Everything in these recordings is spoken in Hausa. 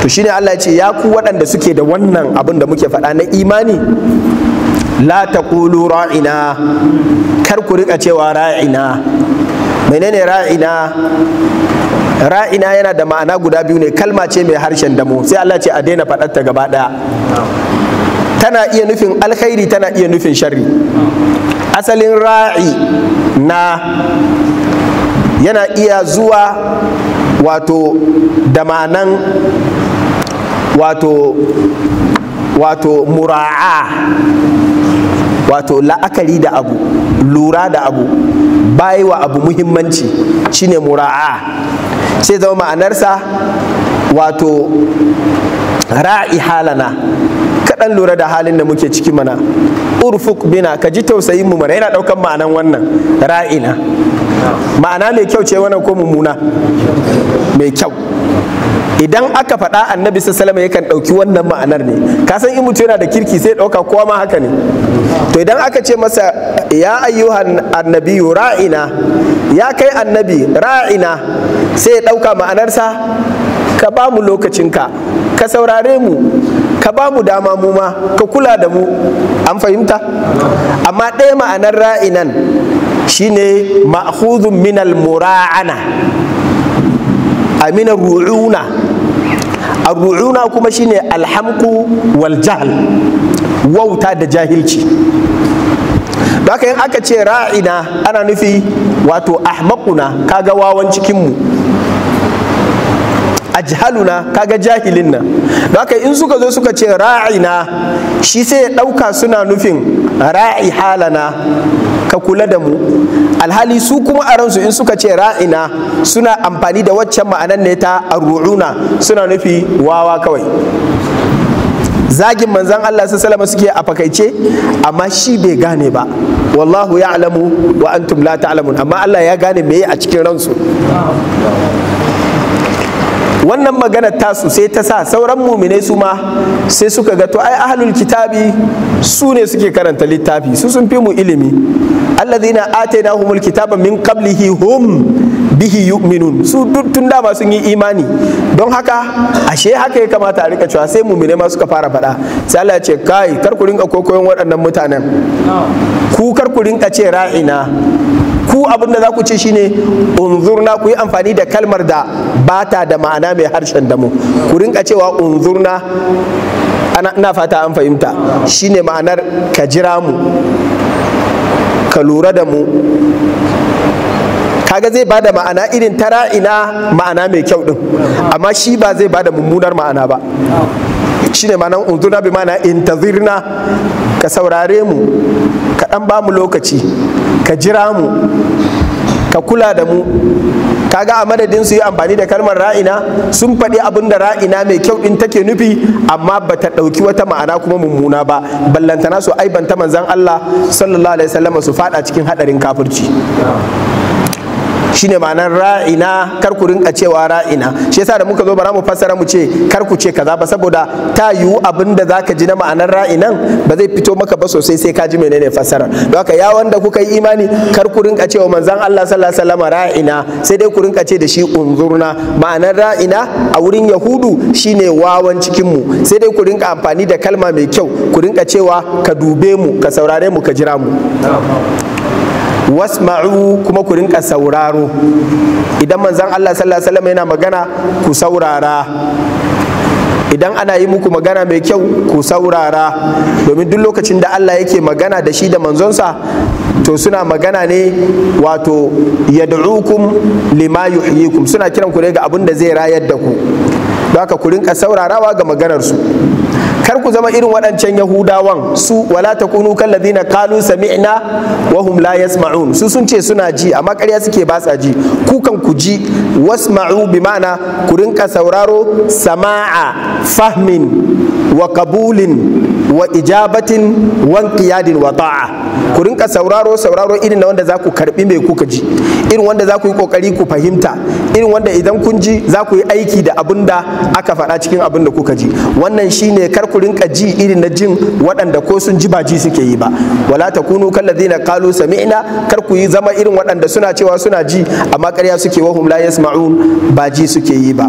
to shine Allah ya ce ya ku waɗanda suke da wannan abin da muke faɗa na imani la taqulu ra'ina kar ku rika cewa ra'ina menene ra'ina ra'ina yana da ma'ana guda biyu ne kalma ce mai harshen damo sai Allah ce a daina faɗar ta gaba ɗaya tana iya nufin alkhairi tana iya nufin sharri asalin ra'i na yana iya zuwa wato da ma'anan wato wato mura'a wato la'akari da abu lura da abu bayi wa abu muhimmanci shine mura'a sai zama ma'anarsa wato ra'i halana kaɗan lura da halin da muke ciki mana urfuk bina ka ji tausayin mu mana yana ɗaukan ma'anan wannan ra'ina ma'ana mai kyau ce wannan ko mummuna mai kyau idan aka faɗa annabi salama yakan ɗauki wannan ma'anar ne ka san in mutum yana da kirki sai ɗauka kowa ma haka ne to idan aka ce masa ya ayyuhan annabi ra'ina ya kai annabi ra'ina sai ya ɗauka ma'anarsa ka ba mu lokacinka ka saurare mu ka ba mu dama mu ma ka kula da mu an fahimta amma ɗaya ma'anar ra'inan shine ma'khudhun minal mura'ana amina ru'una arru'una kuma shine alhamku wal jahl wauta da jahilci haka in aka ce ra'ina ana nufi wato ahmaquna kaga wawan cikin mu ajhaluna kaga jahilin nan haka in suka zo suka ce ra'ina shi sai ya ɗauka suna nufin ra'i halana ka kula da mu alhali su kuma a ransu in suka ce ra'ina suna amfani da waccan ma'anan ne ta arru'una suna nufi wawa kawai zagin manzan Allah su salama suke a fakaice amma shi bai gane ba wallahu ya alamu wa antum la ta'lamun amma Allah ya gane meye a cikin ransu wannan maganar tasu sai ta sa sauran muminai su ma sai suka ga to ai ahlul kitabi su ne suke karanta littafi su sun fi mu ilimi alladhina atainahumul kitaba min qablihi hum bihi yu'minun su duk tun dama sun yi imani don haka ashe haka ya kamata a rika cewa sai muminai ma suka fara faɗa sai Allah ya ce kai kar ku rinka kokoyon waɗannan mutanen ku kar ku rinka ce ra'ina ku abin da za ku ce shine unzurna ku yi amfani da kalmar da bata da ma'ana mai harshen damu ku rinka cewa unzurna ana fata an fahimta shine ma'anar ka jira mu ka lura da mu kaga zai ba da ma'ana irin tara ina ma'ana mai kyau din amma shi ba zai ba da mummunar ma'ana ba shine nan unzurna bi mana intazirna ka saurare mu ka dan ba mu lokaci ka jira mu ka kula da mu Ka ga a madadin su yi amfani da kalmar ra'ina sun faɗi abin da ra'ina mai kyau din take nufi amma ba ta ɗauki wata ma'ana kuma mummuna ba ballantana su aibanta manzan Allah sallallahu alaihi wasallam su faɗa cikin haɗarin kafirci shine ma'anar ra'ina kar ku rinka cewa ra'ina shi yasa da muka zo bara mu fassara mu ce kar ku ce kaza ba saboda ta yiwu abin da zaka ji na ma'anar ra'inan ba zai fito maka ba sosai sai ka ji menene fassara don haka ya wanda kuka yi imani kar ku rinka cewa manzon Allah sallallahu alaihi wasallam ra'ina sai dai ku rinka ce da shi unzurna ma'anar ra'ina a wurin yahudu shine wawan cikin mu sai dai ku rinka amfani da kalma mai kyau ku rinka cewa ka dube mu ka saurare mu ka jira mu wasma'u kuma ku rinka sauraro idan manzon Allah sallallahu alaihi wasallam yana magana ku saurara idan ana yi muku magana mai kyau ku saurara domin duk lokacin da Allah yake magana da shi da manzonsa to suna magana ne wato yad'ukum lima yuhyikum suna kiran ku ne ga abin da zai rayar da ku don haka ku rinka saurarawa ga maganar su kar ku zama irin waɗancan yahudawan su wala ta kan kallazina kalu sami'na wa hum la yasma'un su sun ce suna ji amma ƙarya suke ba sa ji ku kan ku ji wasma'u bi ma'ana ku rinka sauraro sama'a fahmin wa qabulin wa ijabatin wa qiyadin wa ta'a ku rinka sauraro sauraro irin na wanda za ku karbi mai kuka ji irin wanda za ku yi kokari ku fahimta irin wanda idan kun ji za ku yi aiki da abin da aka faɗa cikin abin da kuka ji wannan shine kar ku rinka ji irin na jin waɗanda ko sun ji ba ji suke yi ba wala takunu kallazina qalu sami'na kar ku yi zama irin waɗanda suna cewa suna ji amma karya suke wahum la yasma'un ba ji suke yi ba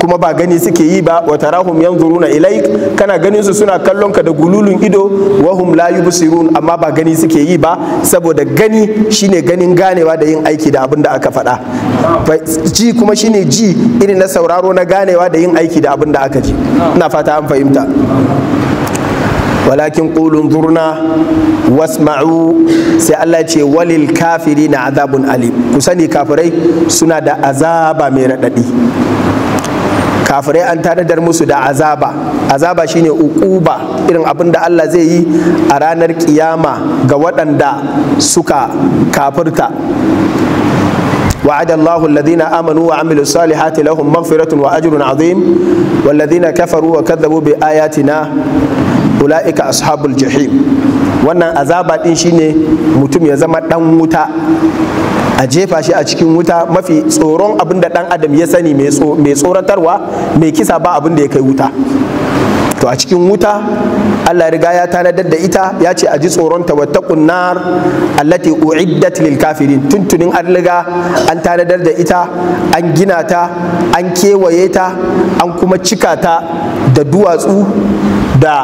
kuma ba gani suke yi ba wa tarahum yanzuruna ilaik kana ganin su suna kallon ka da gululun ido wahum la yubsirun amma ba gani suke yi ba saboda gani shine ganin ganewa da yin aiki da abin da aka faɗa ji kuma shine ji irin na sauraro na ganewa da yin aiki da abin da aka ji ina fata an fahimta walakin qulun zurna wasma'u sai Allah ce walil kafiri na azabun alim ku sani kafirai suna da azaba mai raɗaɗi kafirai an tanadar musu da azaba azaba shine ukuba irin abin da Allah zai yi a ranar kiyama ga waɗanda suka kafirta وعد الله الذين آمنوا وعملوا الصالحات لهم مغفرة وأجر عظيم والذين كفروا وكذبوا بآياتنا أولئك أصحاب الجحيم wannan azaba din shine mutum ya zama dan wuta a jefa shi a cikin wuta mafi tsoron abin da dan adam ya sani mai tsoratarwa mai kisa ba abin da ya kai wuta to a cikin wuta Allah riga ya tanadar da ita ya ce a ji tsoron ta wata nar allati uiddat lil kafirin tuntunin an riga an tanadar da ita an gina ta an kewaye ta an kuma cika ta da duwatsu da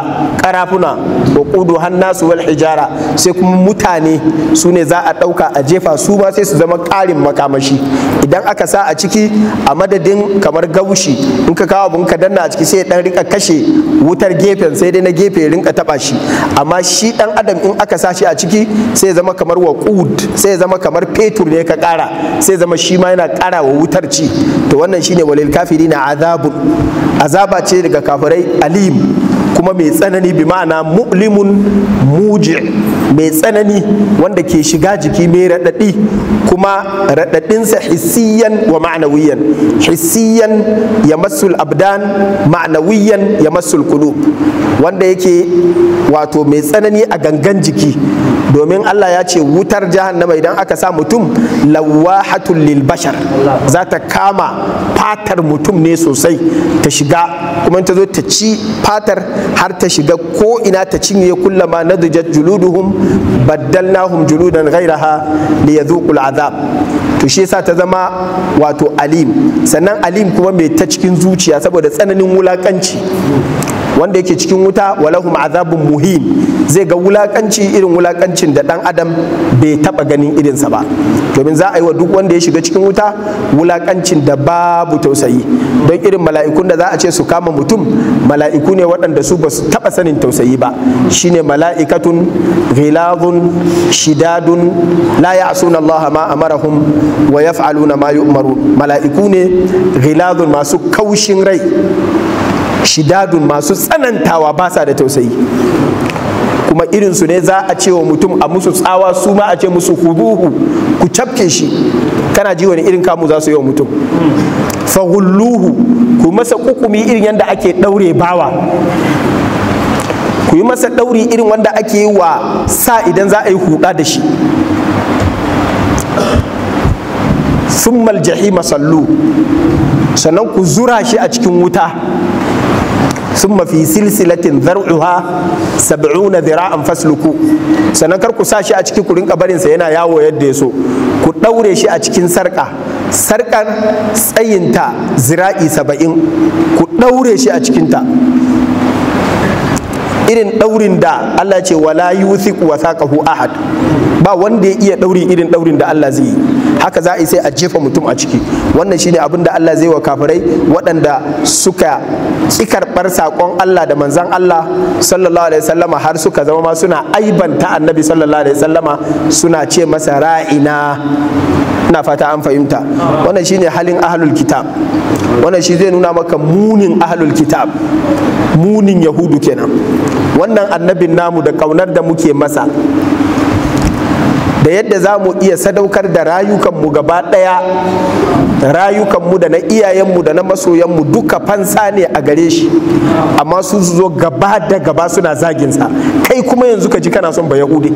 karafuna da kudu hannasu wal hijara sai kuma mutane su ne za a ɗauka a jefa su ma sai su zama ƙarin makamashi idan aka sa a ciki a madadin kamar gaushi in ka kawo abun ka danna a ciki sai ya ɗan rika kashe wutar gefen sai dai na gefe ya rinka taba shi amma shi dan adam in aka sa shi a ciki sai zama kamar waqud sai zama kamar fetur ne ka kara sai zama shi ma yana kara wa wutar ci to wannan shine walil kafirina azabun azaba ce daga kafirai alim kuma mai tsanani bi ma'ana mu'limun muji mai tsanani wanda ke shiga jiki mai raɗaɗi kuma raɗaɗinsa hissiyan wa ma'anawiyan hissiyan ya masul abdan ma'anawiyan ya masul kulu wanda yake wato mai tsanani a gangan jiki domin Allah ya ce wutar jahannama idan aka sa mutum lawahatul lil bashar za ta kama fatar mutum ne sosai ta shiga kuma ta zo ta ci fatar har ta shiga ko ina ta cinye kullama nadujat juluduhum baddalnahum juludan ghairaha liyadhuqul azab to shi yasa ta zama wato alim sannan alim kuma mai ta cikin zuciya saboda tsananin wulakanci wanda yake cikin wuta walahum azabun muhim zai ga wulakanci irin wulakancin da dan adam bai taba ganin irinsa ba domin za a yi wa duk wanda ya shiga cikin wuta wulakancin da babu tausayi don irin mala'ikun da za a ce su kama mutum mala'iku ne waɗanda su ba su taba sanin tausayi ba shine mala'ikatun ghilazun shidadun la ya'suna Allah ma amarahum wa yaf'aluna ma yu'marun mala'iku ne ghiladun masu kaushin rai shidadun masu tsanantawa ba sa da tausayi kuma irinsu ne za a ce wa mutum a musu tsawa su ma a ce musu huduhu ku cafke shi kana ji wani irin kamu za su yi wa mutum fahulluhu ku masa kukumi irin yadda ake daure bawa ku yi masa ɗauri irin wanda ake yi wa sa idan za a yi huda da shi summal jahima sallu sannan ku zura shi a cikin wuta summa fi silsilatin zar'uha sab'una dhira'an fasluku sannan kar ku sa shi a ciki ku rinka barin sa yana yawo yadda ya so ku ɗaure shi a cikin sarƙa. sarkar tsayinta zira'i saba'in ku ɗaure shi a cikinta irin daurin da Allah ce wala yuthiq saqahu ahad ba wanda ya iya dauri irin daurin da Allah zai yi haka za a sai a jefa mutum a ciki wannan shine abin da Allah zai wa kafirai waɗanda suka ki karɓar saƙon Allah da manzan Allah sallallahu alaihi wasallama har suka zama ma suna aibanta annabi sallallahu alaihi wasallama suna ce masa ra'ina ina fata an fahimta wannan shine halin ahlul kitab wannan shi zai nuna maka munin ahlul kitab munin yahudu kenan wannan annabin namu da kaunar da muke masa da yadda za mu iya sadaukar da rayukanmu gaba ɗaya rayukanmu da na iyayenmu da na masoyanmu duka fansa ne a gare shi amma su zo gaba da gaba suna zaginsa kai kuma yanzu ka ji kana son ba yahudi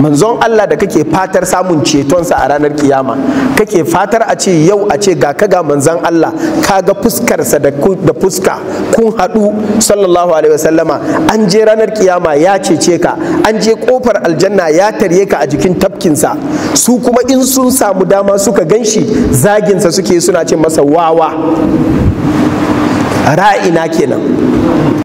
manzon Allah da kake fatar samun cetonsa a ranar kiyama kake fatar a ce yau a ce ga ka ga manzon Allah ka ga fuskarsa da fuska kun haɗu sallallahu alaihi wasallama an je ranar kiyama ya cece ka an je kofar aljanna ya tarye ka a jikin tafkinsa su kuma in sun samu dama suka ganshi zaginsa suke suna ce masa wawa ra'ina kenan